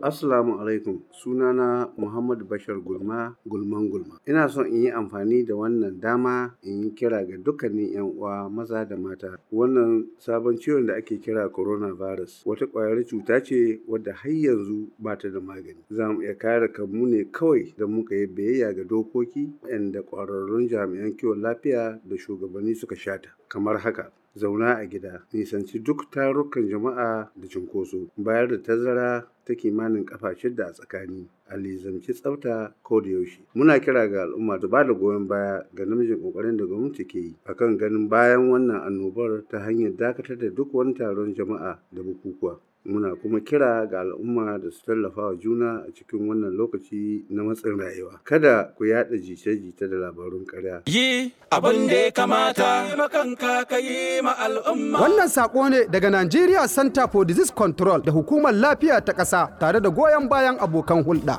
Assalamu alaikum sunana muhammad Bashar Gulma Gulman Gulma. Ina son in yi amfani da wannan dama in yi kira ga dukkanin 'yan uwa maza da mata. Wannan sabon ciwon da ake kira coronavirus wata ƙwayar cuta ce wadda har yanzu ba ta da magani. Za mu iya kare kanmu ne kawai da muka yi biyayya ga dokoki waɗanda ƙwararrun jami'an kiwon lafiya da shugabanni suka shata kamar haka. zauna a gida nisanci duk tarukan jama'a da cunkoso bayar da tazara ta kimanin kafa shidda a tsakani a lizanci tsafta ko da yaushe muna kira ga al'umma da ba da goyon baya ga namijin kokarin da gwamnati ke yi a kan ganin bayan wannan annobar ta hanyar dakatar da duk wani taron jama'a da bukukuwa muna kuma kira ga al'umma da su tallafa wa juna a cikin wannan lokaci na matsin rayuwa kada ku yaɗa jita-jita da labarun karya. yi abin da ya kamata makanka ka yi ma al'umma wannan sako ne daga Nigeria Center for Disease Control da hukumar lafiya ta ƙasa tare da goyon bayan abokan hulɗa